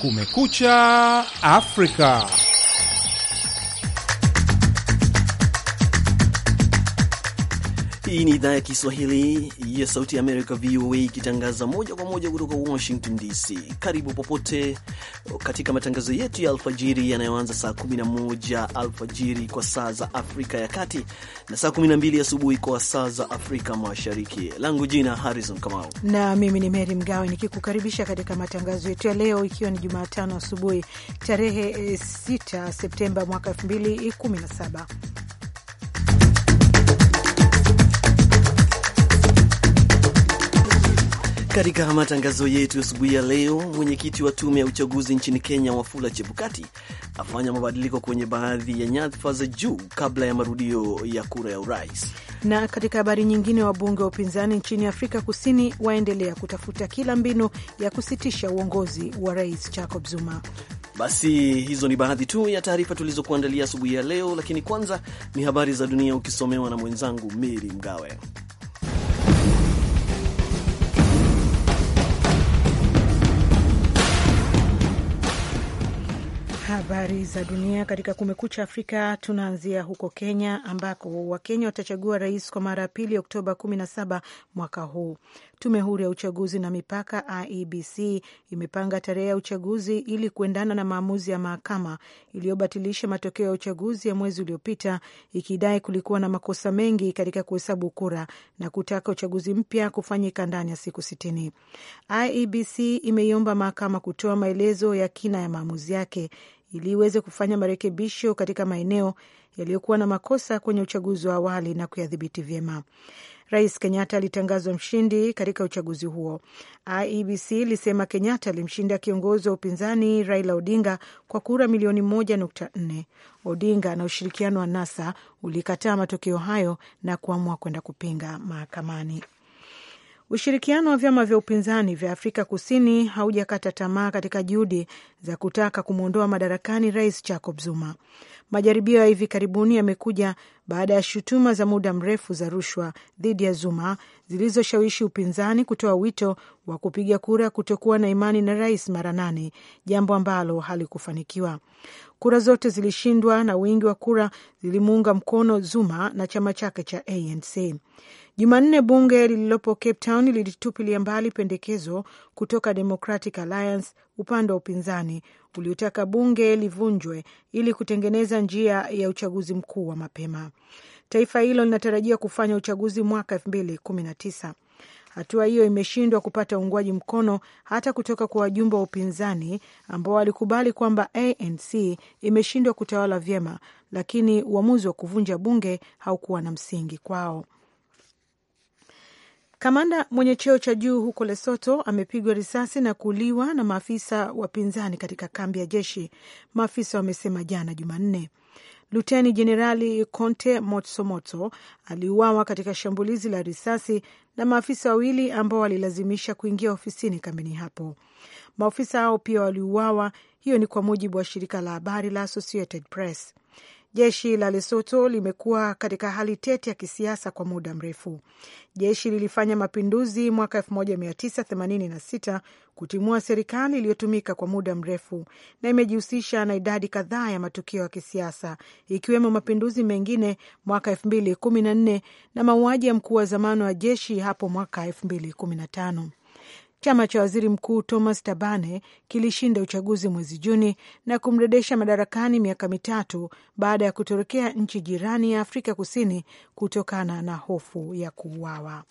Kumekucha Afrika. Hii ni idhaa ya Kiswahili ya Sauti ya Amerika, VOA, ikitangaza moja kwa moja kutoka Washington DC. Karibu popote katika matangazo yetu ya alfajiri yanayoanza saa 11 alfajiri kwa saa za Afrika ya Kati na saa 12 asubuhi kwa saa za Afrika Mashariki. Langu jina Harrison Kamau na mimi ni Meri Mgawe nikikukaribisha katika matangazo yetu ya leo, ikiwa ni Jumatano asubuhi tarehe 6 eh, Septemba mwaka 2017. Katika matangazo yetu asubuhi ya leo, mwenyekiti wa tume ya uchaguzi nchini Kenya Wafula Chebukati afanya mabadiliko kwenye baadhi ya nyadhifa za juu kabla ya marudio ya kura ya urais. Na katika habari nyingine, wabunge wa upinzani nchini Afrika Kusini waendelea kutafuta kila mbinu ya kusitisha uongozi wa Rais Jacob Zuma. Basi hizo ni baadhi tu ya taarifa tulizokuandalia asubuhi ya leo, lakini kwanza ni habari za dunia ukisomewa na mwenzangu Meri Mgawe. Habari za dunia katika Kumekucha Afrika. Tunaanzia huko Kenya, ambako Wakenya watachagua rais kwa mara ya pili Oktoba 17 mwaka huu. Tume huru ya uchaguzi na mipaka IEBC imepanga tarehe ya uchaguzi ili kuendana na maamuzi ya mahakama iliyobatilisha matokeo ya uchaguzi ya mwezi uliopita, ikidai kulikuwa na makosa mengi katika kuhesabu kura na kutaka uchaguzi mpya kufanyika ndani ya siku sitini. IEBC imeiomba mahakama kutoa maelezo ya kina ya maamuzi yake ili iweze kufanya marekebisho katika maeneo yaliyokuwa na makosa kwenye uchaguzi wa awali na kuyadhibiti vyema. Rais Kenyatta alitangazwa mshindi katika uchaguzi huo. IEBC ilisema Kenyatta alimshinda kiongozi wa upinzani Raila Odinga kwa kura milioni moja nukta nne. Odinga na ushirikiano wa NASA ulikataa matokeo hayo na kuamua kwenda kupinga mahakamani. Ushirikiano wa vyama vya upinzani vya Afrika Kusini haujakata tamaa katika juhudi za kutaka kumwondoa madarakani Rais Jacob Zuma. Majaribio ya hivi karibuni yamekuja baada ya shutuma za muda mrefu za rushwa dhidi ya Zuma zilizoshawishi upinzani kutoa wito wa kupiga kura kutokuwa na imani na rais mara nane, jambo ambalo halikufanikiwa. Kura zote zilishindwa na wingi wa kura zilimuunga mkono Zuma na chama chake cha ANC. Jumanne bunge lililopo Cape Town lilitupilia mbali pendekezo kutoka Democratic Alliance, upande wa upinzani uliotaka bunge livunjwe ili kutengeneza njia ya uchaguzi mkuu wa mapema. Taifa hilo linatarajia kufanya uchaguzi mwaka elfu mbili kumi na tisa. Hatua hiyo imeshindwa kupata uungwaji mkono hata kutoka kwa wajumbe wa upinzani ambao walikubali kwamba ANC imeshindwa kutawala vyema, lakini uamuzi wa kuvunja bunge haukuwa na msingi kwao. Kamanda mwenye cheo cha juu huko Lesoto amepigwa risasi na kuuliwa na maafisa wapinzani katika kambi ya jeshi, maafisa wamesema jana Jumanne. Luteni Jenerali Conte Motsomoto aliuawa katika shambulizi la risasi na maafisa wawili ambao walilazimisha kuingia ofisini kambini hapo. Maafisa hao pia waliuawa, hiyo ni kwa mujibu wa shirika la habari la Associated Press. Jeshi la lesoto limekuwa katika hali tete ya kisiasa kwa muda mrefu. Jeshi lilifanya mapinduzi mwaka 1986 kutimua serikali iliyotumika kwa muda mrefu na imejihusisha na idadi kadhaa ya matukio ya kisiasa ikiwemo mapinduzi mengine mwaka 2014 na mauaji ya mkuu wa zamani wa jeshi hapo mwaka 2015. Chama cha waziri mkuu Thomas Tabane kilishinda uchaguzi mwezi Juni na kumrejesha madarakani miaka mitatu baada ya kutorokea nchi jirani ya Afrika Kusini kutokana na hofu ya kuuawa.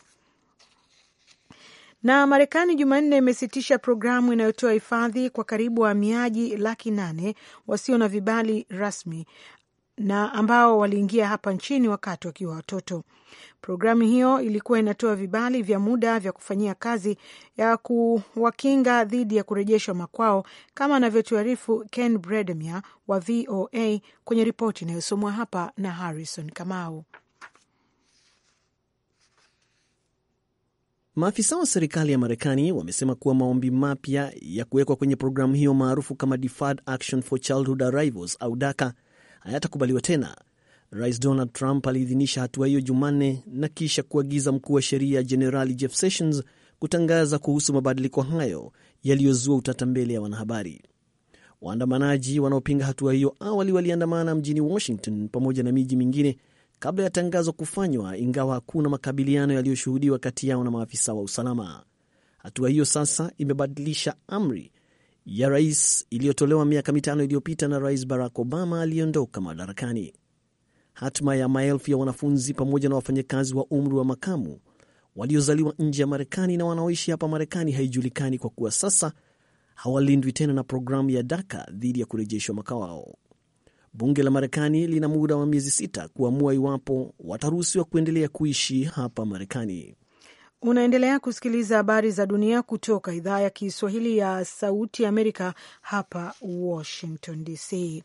Na Marekani Jumanne imesitisha programu inayotoa hifadhi kwa karibu wahamiaji laki nane wasio na vibali rasmi na ambao waliingia hapa nchini wakati wakiwa watoto. Programu hiyo ilikuwa inatoa vibali vya muda vya kufanyia kazi ya kuwakinga dhidi ya kurejeshwa makwao, kama anavyotuarifu Ken Bredemir wa VOA kwenye ripoti inayosomwa hapa na Harrison Kamau. Maafisa wa serikali ya Marekani wamesema kuwa maombi mapya ya kuwekwa kwenye programu hiyo maarufu kama Deferred Action for Childhood Arrivals au DACA hayatakubaliwa tena. Rais Donald Trump aliidhinisha hatua hiyo Jumanne na kisha kuagiza mkuu wa sheria Jenerali Jeff Sessions kutangaza kuhusu mabadiliko hayo yaliyozua utata mbele ya wanahabari. Waandamanaji wanaopinga hatua hiyo awali waliandamana mjini Washington pamoja na miji mingine kabla ya tangazo kufanywa, ingawa hakuna makabiliano yaliyoshuhudiwa kati yao na maafisa wa usalama. Hatua hiyo sasa imebadilisha amri ya rais iliyotolewa miaka mitano iliyopita na Rais Barack Obama aliyeondoka madarakani. Hatima ya maelfu ya wanafunzi pamoja na wafanyakazi wa umri wa makamu waliozaliwa nje ya Marekani na wanaoishi hapa Marekani haijulikani kwa kuwa sasa hawalindwi tena na programu ya daka dhidi ya kurejeshwa ao Bunge la Marekani lina muda wa miezi sita kuamua iwapo wataruhusiwa kuendelea kuishi hapa Marekani. Unaendelea kusikiliza habari za dunia kutoka idhaa ya Kiswahili ya Sauti ya Amerika, hapa Washington DC.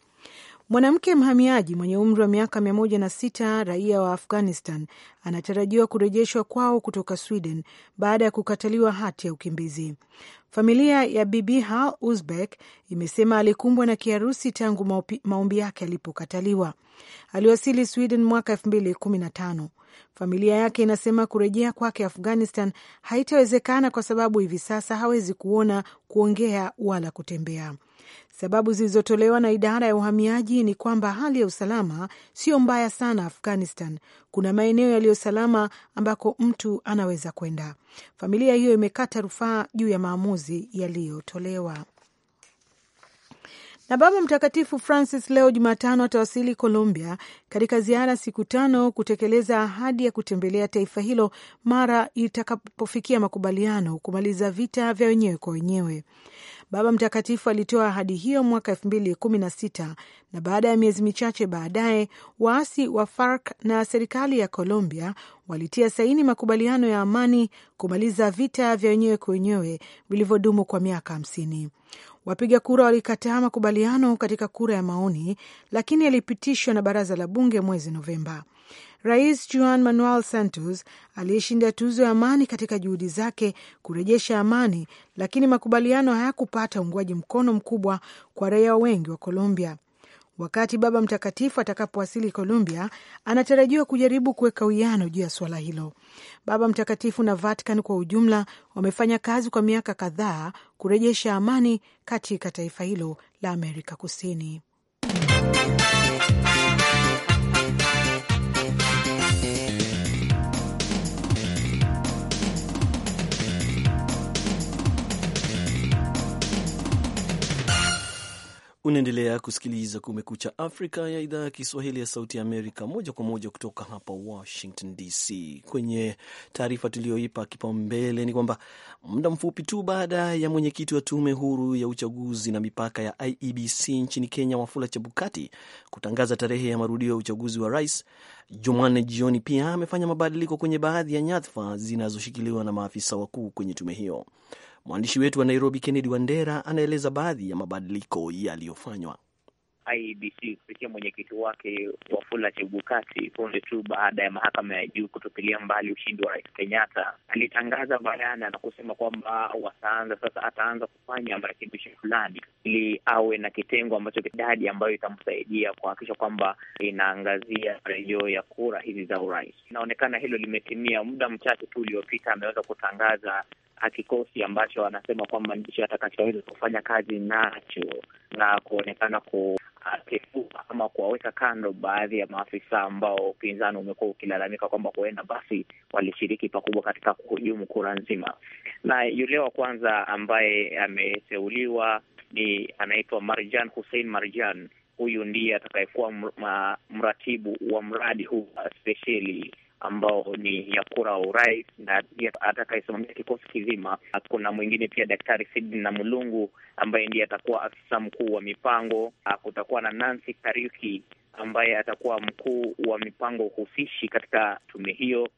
Mwanamke mhamiaji mwenye umri wa miaka mia moja na sita raia wa Afghanistan anatarajiwa kurejeshwa kwao kutoka Sweden baada ya kukataliwa hati ya ukimbizi. Familia ya Bibiha Uzbek imesema alikumbwa na kiharusi tangu maombi yake alipokataliwa. Aliwasili Sweden mwaka elfu mbili kumi na tano. Familia yake inasema kurejea kwake Afghanistan haitawezekana kwa sababu hivi sasa hawezi kuona, kuongea wala kutembea. Sababu zilizotolewa na idara ya uhamiaji ni kwamba hali ya usalama sio mbaya sana Afghanistan. Kuna maeneo yaliyosalama ambako mtu anaweza kwenda. Familia hiyo imekata rufaa juu ya maamuzi yaliyotolewa. Na Baba Mtakatifu Francis leo Jumatano atawasili Colombia katika ziara siku tano kutekeleza ahadi ya kutembelea taifa hilo mara itakapofikia makubaliano kumaliza vita vya wenyewe kwa wenyewe. Baba Mtakatifu alitoa ahadi hiyo mwaka elfu mbili kumi na sita na baada ya miezi michache baadaye waasi wa FARC na serikali ya Colombia walitia saini makubaliano ya amani kumaliza vita vya wenyewe kwa wenyewe vilivyodumu kwa miaka hamsini. Wapiga kura walikataa makubaliano katika kura ya maoni, lakini yalipitishwa na baraza la bunge mwezi Novemba. Rais Juan Manuel Santos aliyeshinda tuzo ya amani katika juhudi zake kurejesha amani, lakini makubaliano hayakupata uungwaji mkono mkubwa kwa raia wengi wa Colombia. Wakati Baba Mtakatifu atakapowasili Colombia, anatarajiwa kujaribu kuweka uwiano juu ya suala hilo. Baba Mtakatifu na Vatican kwa ujumla wamefanya kazi kwa miaka kadhaa kurejesha amani katika taifa hilo la Amerika Kusini. Unaendelea kusikiliza Kumekucha Afrika ya idhaa ya Kiswahili ya Sauti ya Amerika, moja kwa moja kutoka hapa Washington DC. Kwenye taarifa tuliyoipa kipaumbele ni kwamba muda mfupi tu baada ya mwenyekiti wa Tume Huru ya Uchaguzi na Mipaka ya IEBC nchini Kenya, Wafula Chebukati, kutangaza tarehe ya marudio ya uchaguzi wa rais Jumanne jioni, pia amefanya mabadiliko kwenye baadhi ya nyadhifa zinazoshikiliwa na maafisa wakuu kwenye tume hiyo. Mwandishi wetu wa Nairobi, Kennedy Wandera, anaeleza baadhi ya mabadiliko yaliyofanywa. IBC kupitia mwenyekiti wake Wafula Chebukati punde tu baada ya mahakama ya juu kutupilia mbali ushindi wa Rais Kenyatta, alitangaza bayana na kusema kwamba wataanza sasa, ataanza kufanya marekebisho fulani ili awe na kitengo ambacho idadi ambayo itamsaidia kuhakikisha kwamba inaangazia rejeo ya kura hizi za urais. Inaonekana hilo limetimia. Muda mchache tu uliopita ameweza kutangaza kikosi ambacho anasema kwamba ndicho atakachoweza kufanya kazi nacho na kuonekana kuteua ah, ama kuwaweka kando baadhi ya maafisa ambao upinzani umekuwa ukilalamika kwamba huenda basi walishiriki pakubwa katika kuhujumu kura nzima. Na yule wa kwanza ambaye ameteuliwa ni anaitwa Marjan Hussein Marjan. Huyu ndiye atakayekuwa mratibu wa mradi huu spesheli ambao ni ya kura wa urais na atakayesimamia kikosi kizima. Kuna mwingine pia Daktari Sidi na Mulungu ambaye ndiye atakuwa afisa mkuu wa mipango. Ah, kutakuwa na Nancy Kariuki ambaye atakuwa mkuu wa mipango husishi katika tume hiyo.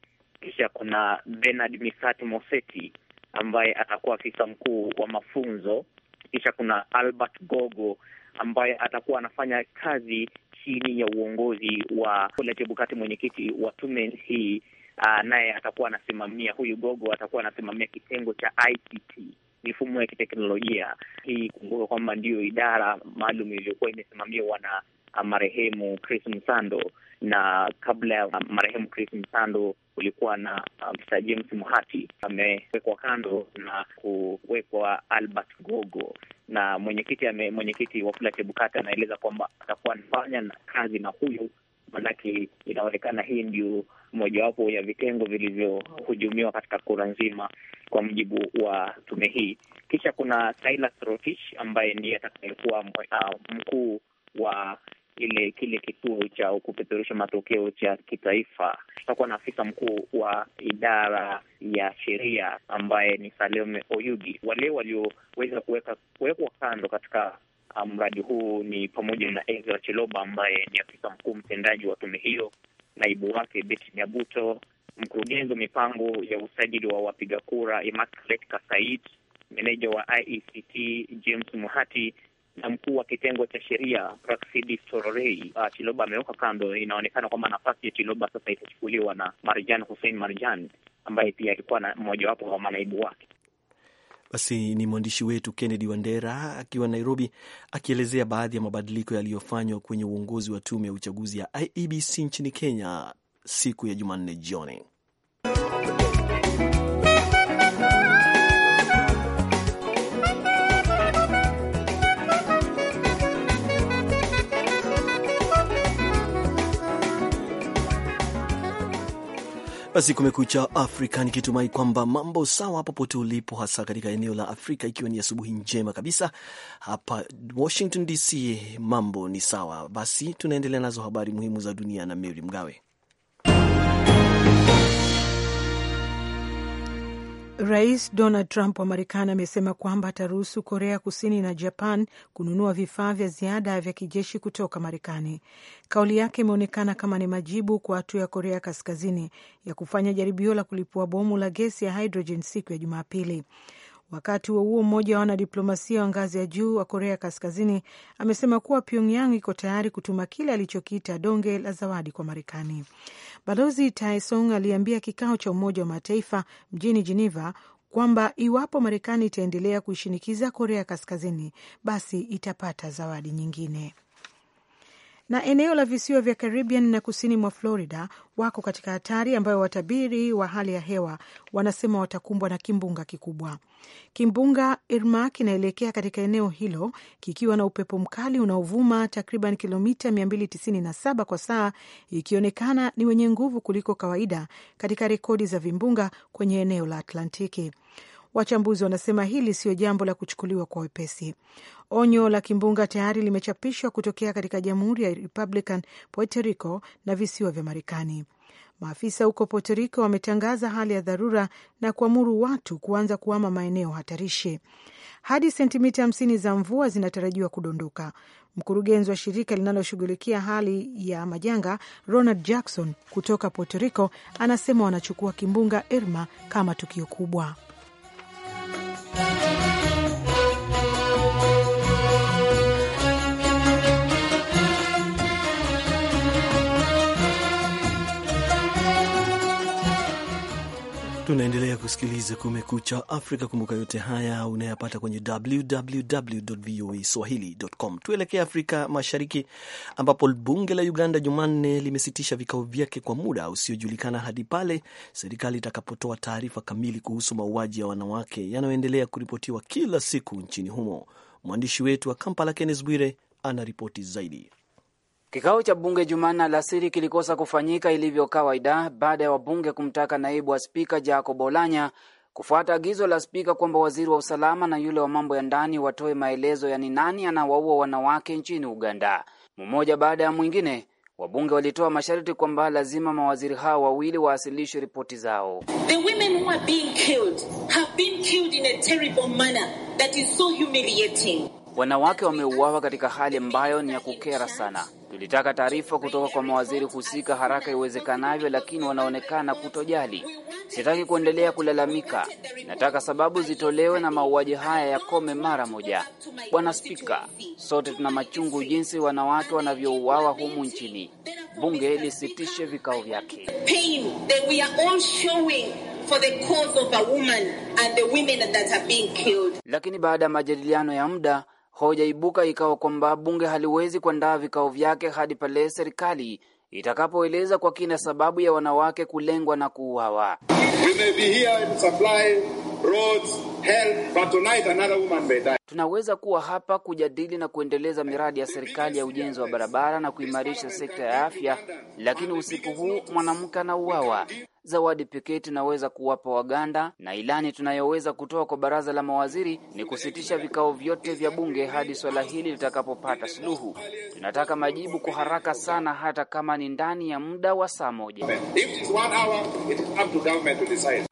Kisha kuna Bernard Misati Moseti ambaye atakuwa afisa mkuu wa mafunzo. Kisha kuna Albert Gogo ambaye atakuwa anafanya kazi chini ya uongozi wa Wafula mwenyekiti wa tume hii. Uh, naye atakuwa anasimamia huyu Gogo atakuwa anasimamia kitengo cha ICT mifumo ya kiteknolojia hii. Kumbuka kwamba ndiyo idara maalum iliyokuwa imesimamiwa na uh, marehemu Chris Msando, na kabla ya marehemu Chris Msando kulikuwa na Mr um, James Muhati amewekwa kando na kuwekwa Albert Gogo, na mwenyekiti mwenyekiti Wafula Chebukati anaeleza kwamba atakuwa anafanya kazi na huyu manake inaonekana hii ndio mojawapo ya vitengo vilivyohujumiwa katika kura nzima, kwa mujibu wa tume hii. Kisha kuna Silas Rotich ambaye ndiye atakayekuwa uh, mkuu wa ile kile kituo cha kupeperusha matokeo cha kitaifa. Tutakuwa na afisa mkuu wa idara ya sheria ambaye ni Salome Oyugi. Wale walioweza kuweka kuwekwa kando katika um, mradi huu ni pamoja na Ezra Chiloba ambaye ni afisa mkuu mtendaji wa tume hiyo, naibu wake bet Nyabuto, mkurugenzi wa mipango ya usajili wa wapiga kura Immaculate Kasait, meneja wa IECT James Muhati na mkuu wa kitengo cha sheria Praksidi Sororei uh, ah, Chiloba ameweka kando. Inaonekana kwamba nafasi ya Chiloba sasa itachukuliwa na Marjan Hussein Marjan ambaye pia alikuwa mmojawapo wa manaibu wake. Basi ni mwandishi wetu Kennedy Wandera akiwa Nairobi, akielezea baadhi ya mabadiliko yaliyofanywa kwenye uongozi wa tume ya uchaguzi ya IEBC nchini Kenya siku ya Jumanne jioni. Basi kumekucha Afrika, nikitumai kwamba mambo sawa popote ulipo, hasa katika eneo la Afrika, ikiwa ni asubuhi njema kabisa. Hapa Washington DC mambo ni sawa. Basi tunaendelea nazo habari muhimu za dunia na Mary Mgawe. Rais Donald Trump wa Marekani amesema kwamba ataruhusu Korea Kusini na Japan kununua vifaa vya ziada vya kijeshi kutoka Marekani. Kauli yake imeonekana kama ni majibu kwa hatua ya Korea Kaskazini ya kufanya jaribio la kulipua bomu la gesi ya hidrojeni siku ya Jumapili. Wakati huo huo, mmoja wa wanadiplomasia wa ngazi ya juu wa Korea Kaskazini amesema kuwa Pyongyang iko tayari kutuma kile alichokiita donge la zawadi kwa Marekani. Balozi Taesong aliambia kikao cha Umoja wa Mataifa mjini Geneva kwamba iwapo Marekani itaendelea kuishinikiza Korea Kaskazini, basi itapata zawadi nyingine na eneo la visiwa vya Caribbean na kusini mwa Florida wako katika hatari ambayo watabiri wa hali ya hewa wanasema watakumbwa na kimbunga kikubwa. Kimbunga Irma kinaelekea katika eneo hilo kikiwa na upepo mkali unaovuma takriban kilomita 297 kwa saa, ikionekana ni wenye nguvu kuliko kawaida katika rekodi za vimbunga kwenye eneo la Atlantiki. Wachambuzi wanasema hili siyo jambo la kuchukuliwa kwa wepesi. Onyo la kimbunga tayari limechapishwa kutokea katika Jamhuri ya Republican Puerto Rico na visiwa vya Marekani. Maafisa huko Puerto Rico wametangaza hali ya dharura na kuamuru watu kuanza kuhama maeneo hatarishi. Hadi sentimita hamsini za mvua zinatarajiwa kudondoka. Mkurugenzi wa shirika linaloshughulikia hali ya majanga Ronald Jackson kutoka Puerto Rico anasema wanachukua kimbunga Irma kama tukio kubwa. Unaendelea kusikiliza Kumekucha Afrika. Kumbuka yote haya unayapata kwenye www voa swahili.com. Tuelekee Afrika Mashariki, ambapo bunge la Uganda Jumanne limesitisha vikao vyake kwa muda usiojulikana hadi pale serikali itakapotoa taarifa kamili kuhusu mauaji ya wanawake yanayoendelea kuripotiwa kila siku nchini humo. Mwandishi wetu wa Kampala, Kennes Bwire, ana ripoti zaidi. Kikao cha bunge Jumanne alasiri kilikosa kufanyika ilivyo kawaida baada ya wabunge kumtaka naibu wa spika Jacob Olanya kufuata agizo la spika kwamba waziri wa usalama na yule wa mambo ya ndani watoe maelezo ya ni nani anawaua wanawake nchini Uganda. Mmoja baada ya mwingine, wabunge walitoa masharti kwamba lazima mawaziri hao wawili waasilishe ripoti zao. Wanawake wameuawa katika hali ambayo ni ya kukera sana Tulitaka taarifa kutoka kwa mawaziri husika haraka iwezekanavyo, lakini wanaonekana kutojali. Sitaki kuendelea kulalamika, nataka sababu zitolewe na mauaji haya yakome mara moja. Bwana Spika, sote tuna machungu jinsi wanawake wanavyouawa humu nchini. Bunge lisitishe vikao vyake. Lakini baada ya majadiliano ya muda hoja ibuka ikawa kwamba bunge haliwezi kuandaa vikao vyake hadi pale serikali itakapoeleza kwa kina sababu ya wanawake kulengwa na kuuawa. Tunaweza kuwa hapa kujadili na kuendeleza miradi ya serikali ya ujenzi wa barabara na kuimarisha sekta ya afya, lakini usiku huu mwanamke anauawa. Zawadi pekee tunaweza kuwapa Waganda na ilani tunayoweza kutoa kwa baraza la mawaziri ni kusitisha vikao vyote vya bunge hadi swala hili litakapopata suluhu. Tunataka majibu kwa haraka sana, hata kama ni ndani ya muda wa saa moja.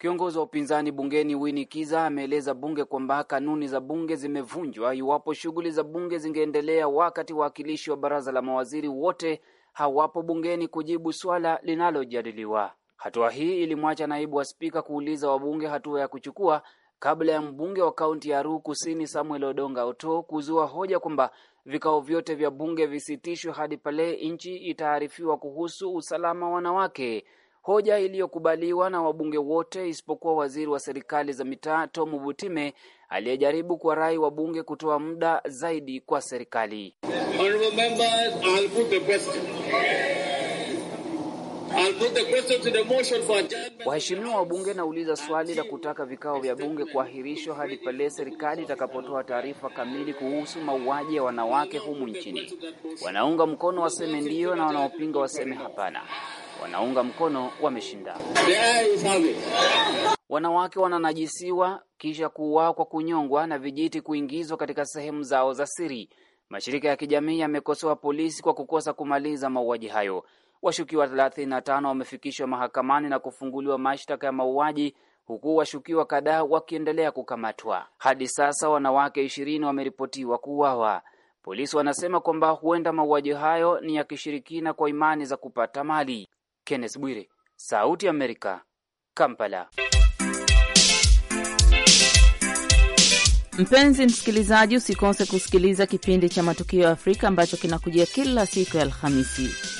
Kiongozi wa upinzani bungeni Winnie Kiza ameeleza za bunge kwamba kanuni za bunge zimevunjwa iwapo shughuli za bunge zingeendelea wakati wawakilishi wa baraza la mawaziri wote hawapo bungeni kujibu swala linalojadiliwa. Hatua hii ilimwacha naibu wa spika kuuliza wabunge hatua ya kuchukua kabla ya mbunge wa kaunti ya Aru Kusini Samuel Odonga Oto kuzua hoja kwamba vikao vyote vya bunge visitishwe hadi pale nchi itaarifiwa kuhusu usalama wanawake hoja iliyokubaliwa na wabunge wote isipokuwa waziri wa serikali za mitaa Tom Butime aliyejaribu rai wabunge kutoa muda zaidi kwa serikali. Waheshimiwa wa bunge nauliza swali la kutaka vikao vya bunge kuahirishwa hadi pale serikali itakapotoa taarifa kamili kuhusu mauaji ya wanawake humu nchini. Wanaunga mkono waseme ndio na wanaopinga waseme hapana. Wanaunga mkono wameshinda Wanawake wananajisiwa kisha kuuawa kwa kunyongwa na vijiti kuingizwa katika sehemu zao za siri. Mashirika ya kijamii yamekosoa polisi kwa kukosa kumaliza mauaji hayo. Washukiwa 35 wamefikishwa mahakamani na kufunguliwa mashtaka ya mauaji huku washukiwa kadhaa wakiendelea kukamatwa. Hadi sasa wanawake 20 wameripotiwa kuuawa. Polisi wanasema kwamba huenda mauaji hayo ni ya kishirikina kwa imani za kupata mali. Kenneth Bwire, Sauti ya Amerika, Kampala. Mpenzi msikilizaji, usikose kusikiliza kipindi cha Matukio ya Afrika ambacho kinakujia kila siku ya Alhamisi.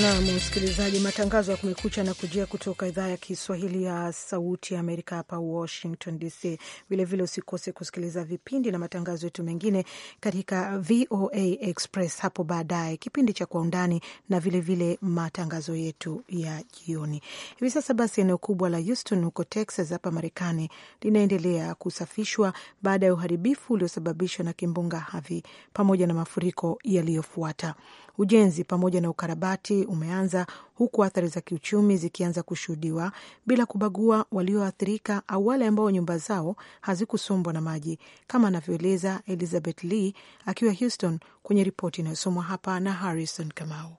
Nam msikilizaji, matangazo ya Kumekucha na kujia kutoka idhaa ya Kiswahili ya Sauti ya Amerika hapa Washington DC. Vilevile usikose kusikiliza vipindi na matangazo yetu mengine katika VOA Express hapo baadaye, kipindi cha Kwa Undani na vilevile vile matangazo yetu ya jioni. Hivi sasa basi, eneo kubwa la Houston huko Texas hapa Marekani linaendelea kusafishwa baada ya uharibifu uliosababishwa na kimbunga Harvey pamoja na mafuriko yaliyofuata. Ujenzi pamoja na ukarabati umeanza huku athari za kiuchumi zikianza kushuhudiwa bila kubagua walioathirika au wale ambao nyumba zao hazikusombwa na maji, kama anavyoeleza Elizabeth Lee akiwa Houston kwenye ripoti inayosomwa hapa na Harrison Kamau.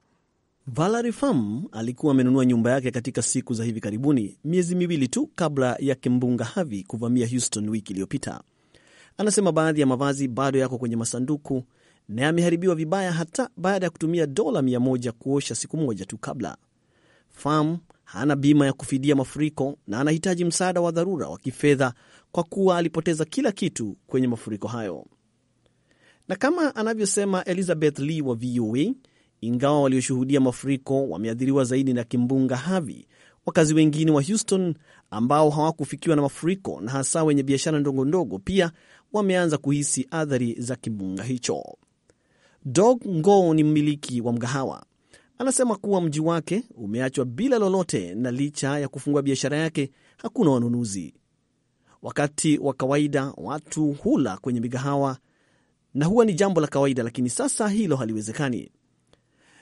Valerie Pham alikuwa amenunua nyumba yake katika siku za hivi karibuni, miezi miwili tu kabla ya kimbunga Harvey kuvamia Houston wiki iliyopita. Anasema baadhi ya mavazi bado yako kwenye masanduku na yameharibiwa vibaya hata baada ya kutumia dola 100 kuosha siku moja tu kabla. Farm hana bima ya kufidia mafuriko na anahitaji msaada wa dharura wa kifedha kwa kuwa alipoteza kila kitu kwenye mafuriko hayo. Na kama anavyosema Elizabeth Lee wa VOA, ingawa walioshuhudia mafuriko wameathiriwa zaidi na kimbunga Harvey, wakazi wengine wa Houston ambao hawakufikiwa na mafuriko na hasa wenye biashara ndogo ndogo pia wameanza kuhisi athari za kimbunga hicho. Dog Ngo ni mmiliki wa mgahawa. Anasema kuwa mji wake umeachwa bila lolote, na licha ya kufungua biashara yake hakuna wanunuzi. Wakati wa kawaida watu hula kwenye migahawa na huwa ni jambo la kawaida, lakini sasa hilo haliwezekani.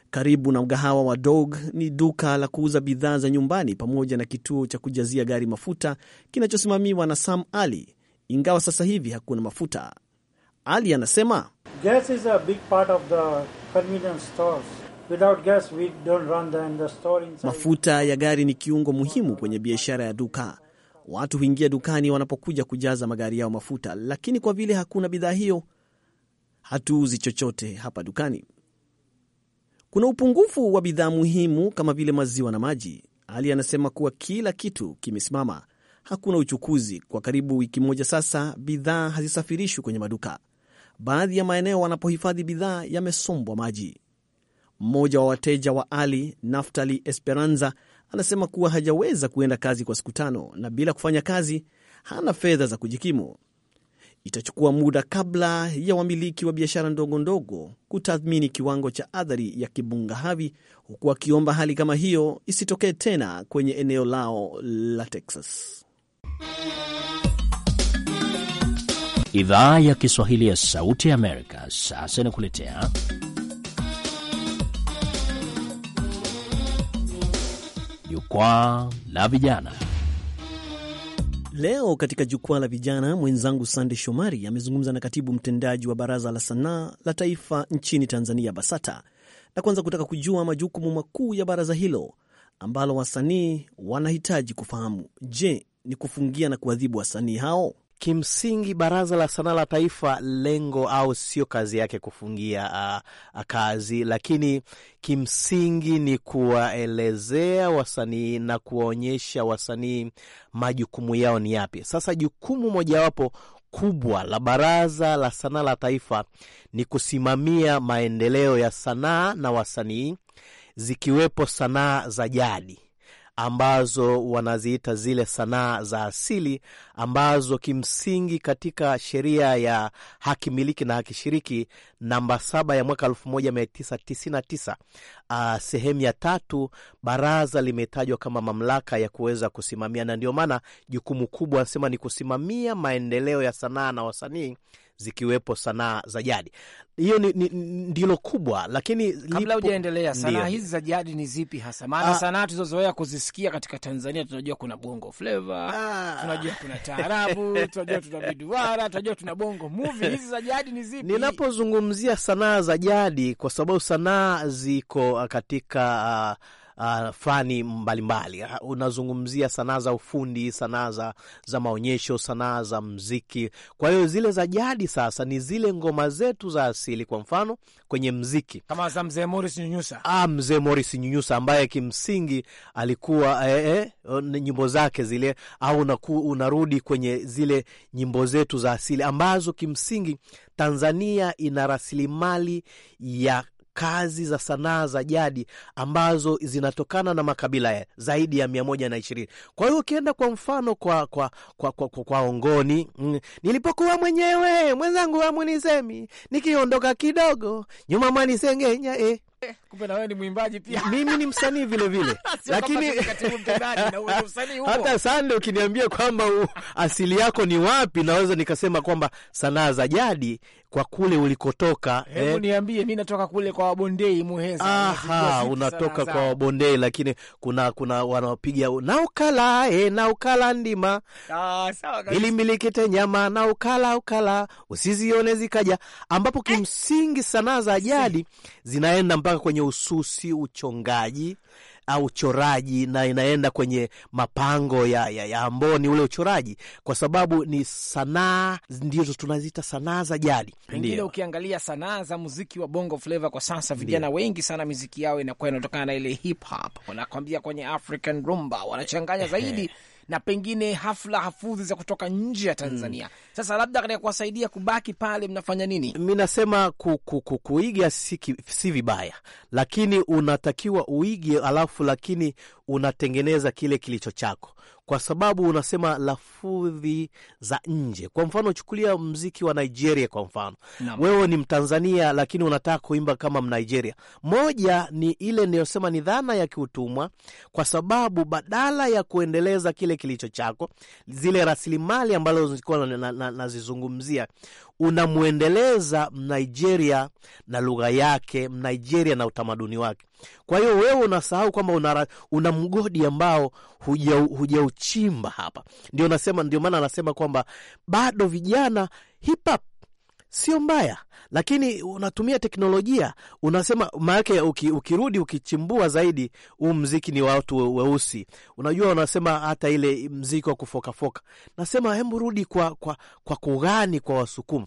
Karibu na mgahawa wa Dog ni duka la kuuza bidhaa za nyumbani pamoja na kituo cha kujazia gari mafuta kinachosimamiwa na Sam Ali, ingawa sasa hivi hakuna mafuta. Ali anasema gas is a big part of the convenience stores. gas we don't run the, store Mafuta ya gari ni kiungo muhimu kwenye biashara ya duka. Watu huingia dukani wanapokuja kujaza magari yao mafuta, lakini kwa vile hakuna bidhaa hiyo, hatuuzi chochote hapa dukani. Kuna upungufu wa bidhaa muhimu kama vile maziwa na maji. Ali anasema kuwa kila kitu kimesimama, hakuna uchukuzi kwa karibu wiki moja sasa. Bidhaa hazisafirishwi kwenye maduka baadhi ya maeneo wanapohifadhi bidhaa yamesombwa maji. Mmoja wa wateja wa Ali, Naftali Esperanza, anasema kuwa hajaweza kuenda kazi kwa siku tano na bila kufanya kazi hana fedha za kujikimu. Itachukua muda kabla ya wamiliki wa biashara ndogo ndogo kutathmini kiwango cha athari ya kibunga Harvey, huku akiomba hali kama hiyo isitokee tena kwenye eneo lao la Texas. Idhaa ya Kiswahili ya Sauti ya Amerika sasa inakuletea Jukwaa la Vijana. Leo katika Jukwaa la Vijana, mwenzangu Sande Shomari amezungumza na katibu mtendaji wa Baraza la Sanaa la Taifa nchini Tanzania, BASATA, na kwanza kutaka kujua majukumu makuu ya baraza hilo ambalo wasanii wanahitaji kufahamu. Je, ni kufungia na kuadhibu wasanii hao? kimsingi Baraza la Sanaa la Taifa lengo au sio kazi yake kufungia a, a kazi, lakini kimsingi ni kuwaelezea wasanii na kuwaonyesha wasanii majukumu yao ni yapi. Sasa jukumu mojawapo kubwa la Baraza la Sanaa la Taifa ni kusimamia maendeleo ya sanaa na wasanii, zikiwepo sanaa za jadi ambazo wanaziita zile sanaa za asili ambazo kimsingi katika sheria ya haki miliki na haki shiriki namba saba ya mwaka 1999 uh, ah, sehemu ya tatu, baraza limetajwa kama mamlaka ya kuweza kusimamia, na ndio maana jukumu kubwa anasema ni kusimamia maendeleo ya sanaa na wasanii zikiwepo sanaa za jadi. Hiyo ndilo kubwa, lakini kabla hujaendelea, sanaa hizi za jadi ni zipi hasa? Maana ah. sanaa tulizozoea kuzisikia katika Tanzania, tunajua kuna bongo fleva, ah. tunajua kuna taarabu, tunajua tuna biduara, tunajua tuna bongo muvi. Hizi za jadi ni zipi? Ninapozungumzia sanaa za jadi, kwa sababu sanaa ziko uh, katika uh, uh, fani mbalimbali uh, unazungumzia sanaa za ufundi, sanaa za, za maonyesho, sanaa za mziki. Kwa hiyo zile za jadi sasa ni zile ngoma zetu za asili, kwa mfano kwenye mziki kama za mzee Morris Nyunyusa, ah, mzee Morris Nyunyusa ambaye kimsingi alikuwa eh, eh, nyimbo zake zile au naku, unarudi kwenye zile nyimbo zetu za asili ambazo kimsingi Tanzania ina rasilimali ya kazi za sanaa za jadi ambazo zinatokana na makabila ya, zaidi ya mia moja na ishirini. Kwa hiyo ukienda kwa mfano kwa, kwa, kwa, kwa, kwa, kwa Ongoni mm, nilipokuwa mwenyewe mwenzangu wamunisemi nikiondoka kidogo nyuma mwanisengenya eh. Kumbe na wewe ni mwimbaji pia. Mimi ni msanii vile vile. Lakini hata sande, ukiniambia kwamba asili yako ni wapi, naweza nikasema kwamba sanaa za jadi kwa kule ulikotoka. Hebu eh, niambie, mimi natoka kule kwa Wabondei Muheza. Aha, unatoka kwa Wabondei, lakini kuna kuna wanaopiga na ukala eh, na ukala ndima. Ah, sawa kabisa. Ili milikite nyama na ukala ukala, usizione zikaja, ambapo eh. kimsingi sanaa za jadi zinaenda mpaka kwenye ususi, uchongaji au uchoraji, na inaenda kwenye mapango ya, ya, ya Amboni, ule uchoraji, kwa sababu ni sanaa, ndizo tunaziita sanaa za jadi. Pengine ukiangalia sanaa za muziki wa bongo flava kwa sasa, vijana wengi sana miziki yao inakuwa inatokana na ile hip hop, wanakwambia kwenye African rumba, wanachanganya zaidi na pengine hafla hafudhi za kutoka nje ya Tanzania mm. Sasa labda katika kuwasaidia kubaki pale mnafanya nini? Mi nasema ku, ku, ku, kuiga si, si vibaya, lakini unatakiwa uige alafu, lakini unatengeneza kile kilicho chako kwa sababu unasema lafudhi za nje. Kwa mfano, chukulia mziki wa Nigeria kwa mfano Nama. Wewe ni Mtanzania lakini unataka kuimba kama Mnigeria. Moja ni ile niyosema ni dhana ya kiutumwa, kwa sababu badala ya kuendeleza kile kilicho chako, zile rasilimali ambazo zilikuwa nazizungumzia na, na, unamwendeleza Mnigeria na lugha yake, Mnigeria na utamaduni wake. Kwa hiyo wewe unasahau kwamba una, una mgodi ambao hujauchimba hapa. Ndio nasema, ndio maana anasema kwamba bado vijana hip hop sio mbaya, lakini unatumia teknolojia unasema, maanake ukirudi ukichimbua zaidi, huu mziki ni watu weusi. Unajua, unasema hata ile mziki wa kufokafoka, nasema hembu rudi kwa, kwa, kwa kugani kwa Wasukumu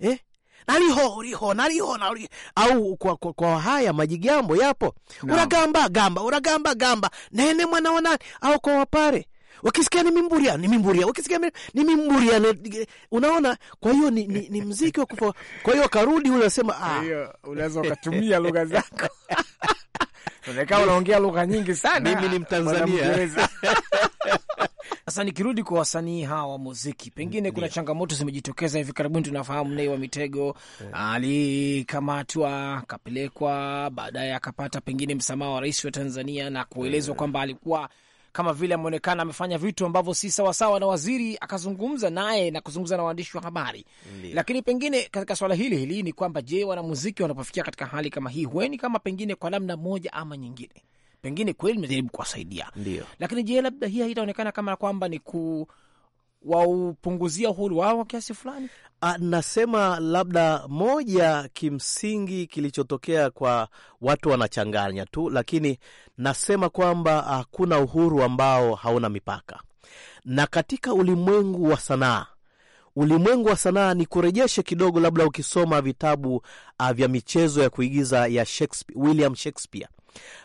eh? naliho liho naliho nali au kwa, kwa, kwa haya majigambo yapo no. Uragamba gamba uragamba gamba nene mwana wanani au kwa Wapare wakisikia ni mimburia ni mimburia, wakisikia ni mimburia. Unaona, kwa hiyo ni, ni, ni mziki wa kufa. Kwa hiyo akarudi ule asema, ah. unaweza ukatumia lugha zako unakaa unaongea lugha nyingi sana, mimi ni Mtanzania. Sasa nikirudi kwa wasanii hawa wa muziki, pengine kuna changamoto zimejitokeza hivi karibuni. Tunafahamu Nei wa Mitego eh. alikamatwa, akapelekwa, baadaye akapata pengine msamaha wa rais wa Tanzania na kuelezwa eh. kwamba alikuwa kama vile ameonekana amefanya vitu ambavyo si sawasawa, na waziri akazungumza naye na kuzungumza na waandishi wa habari. Lakini pengine katika swala hili hili ni kwamba, je, wanamuziki wanapofikia katika hali kama hii, hueni kama pengine kwa namna moja ama nyingine, pengine kweli mejaribu kuwasaidia, lakini je, labda hii haitaonekana kama kwamba ni ku waupunguzia uhuru wao kiasi fulani? Ah, nasema labda moja, kimsingi kilichotokea kwa watu wanachanganya tu, lakini nasema kwamba hakuna uhuru ambao hauna mipaka, na katika ulimwengu wa sanaa ulimwengu wa sanaa ni kurejeshe kidogo, labda ukisoma vitabu ah, vya michezo ya kuigiza ya Shakespeare, William Shakespeare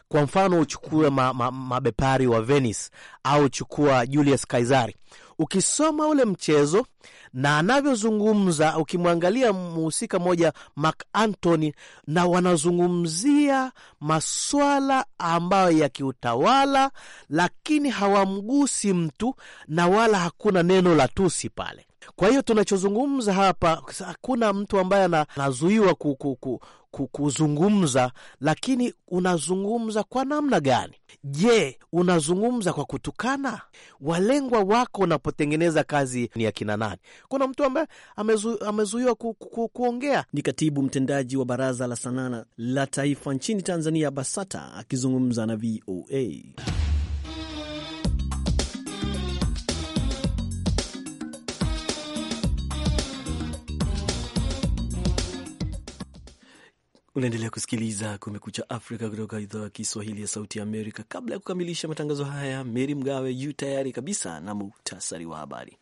kwa mfano, uchukue mabepari ma, ma wa Venice au chukua Julius Kaisari ukisoma ule mchezo na anavyozungumza, ukimwangalia mhusika mmoja Mark Antony, na wanazungumzia maswala ambayo ya kiutawala, lakini hawamgusi mtu na wala hakuna neno la tusi pale. Kwa hiyo tunachozungumza hapa, hakuna mtu ambaye anazuiwa kuzungumza, lakini unazungumza kwa namna gani? Je, unazungumza kwa kutukana? Walengwa wako unapotengeneza kazi ni ya kina nani? Kuna mtu ambaye amezu, amezuiwa ku, ku, ku, kuongea? Ni katibu mtendaji wa Baraza la Sanaa la Taifa nchini Tanzania, BASATA, akizungumza na VOA. Unaendelea kusikiliza Kumekucha Afrika kutoka idhaa ya Kiswahili ya Sauti ya Amerika. Kabla ya kukamilisha matangazo haya, Meri Mgawe yu tayari kabisa na muhtasari wa habari.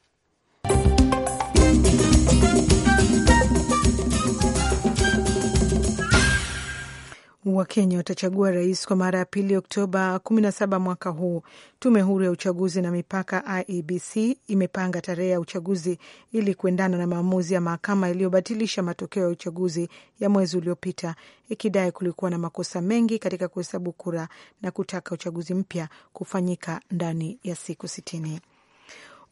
Wakenya watachagua rais kwa mara ya pili Oktoba 17 mwaka huu. Tume huru ya uchaguzi na mipaka IEBC imepanga tarehe ya uchaguzi ili kuendana na maamuzi ya mahakama iliyobatilisha matokeo ya uchaguzi ya mwezi uliopita, ikidai kulikuwa na makosa mengi katika kuhesabu kura na kutaka uchaguzi mpya kufanyika ndani ya siku sitini.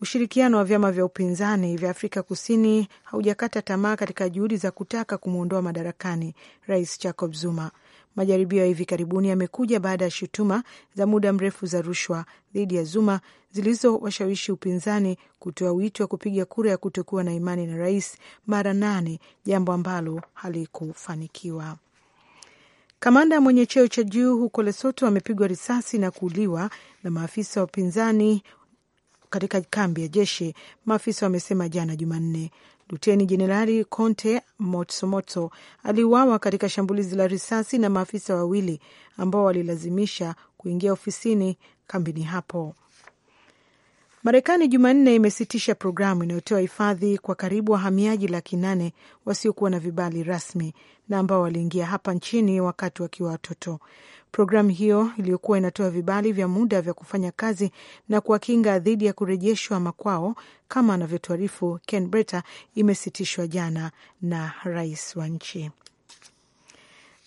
Ushirikiano wa vyama vya upinzani vya Afrika Kusini haujakata tamaa katika juhudi za kutaka kumwondoa madarakani rais Jacob Zuma. Majaribio ya hivi karibuni yamekuja baada ya shutuma za muda mrefu za rushwa dhidi ya Zuma zilizowashawishi upinzani kutoa wito wa kupiga kura ya kutokuwa na imani na rais mara nane, jambo ambalo halikufanikiwa. Kamanda mwenye cheo cha juu huko Lesoto amepigwa risasi na kuuliwa na maafisa wa upinzani katika kambi ya jeshi, maafisa wamesema jana Jumanne. Luteni Jenerali Conte Motsomoto aliuawa katika shambulizi la risasi na maafisa wawili ambao walilazimisha kuingia ofisini kambini hapo. Marekani Jumanne imesitisha programu inayotoa hifadhi kwa karibu wahamiaji laki nane wasiokuwa na vibali rasmi na ambao waliingia hapa nchini wakati wakiwa watoto. Programu hiyo iliyokuwa inatoa vibali vya muda vya kufanya kazi na kuwakinga dhidi ya kurejeshwa makwao, kama anavyotuarifu Ken Breta, imesitishwa jana na rais wa nchi.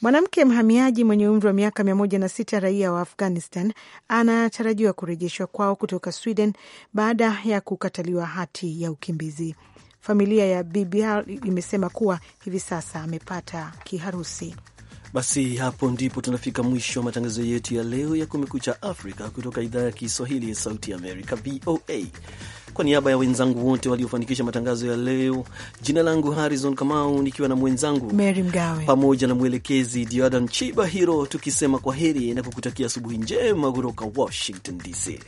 Mwanamke mhamiaji mwenye umri wa miaka mia moja na sita raia wa Afghanistan anatarajiwa kurejeshwa kwao kutoka Sweden baada ya kukataliwa hati ya ukimbizi. Familia ya BBR imesema kuwa hivi sasa amepata kiharusi. Basi hapo ndipo tunafika mwisho wa matangazo yetu ya leo ya Kumekucha Afrika kutoka idhaa ya Kiswahili ya Sauti Amerika, VOA. Kwa niaba ya wenzangu wote waliofanikisha matangazo ya leo, jina langu Harrison Kamau, nikiwa na mwenzangu Mary Mgawe pamoja na mwelekezi Diodan Chiba Hiro, tukisema kwa heri na kukutakia asubuhi njema kutoka Washington DC.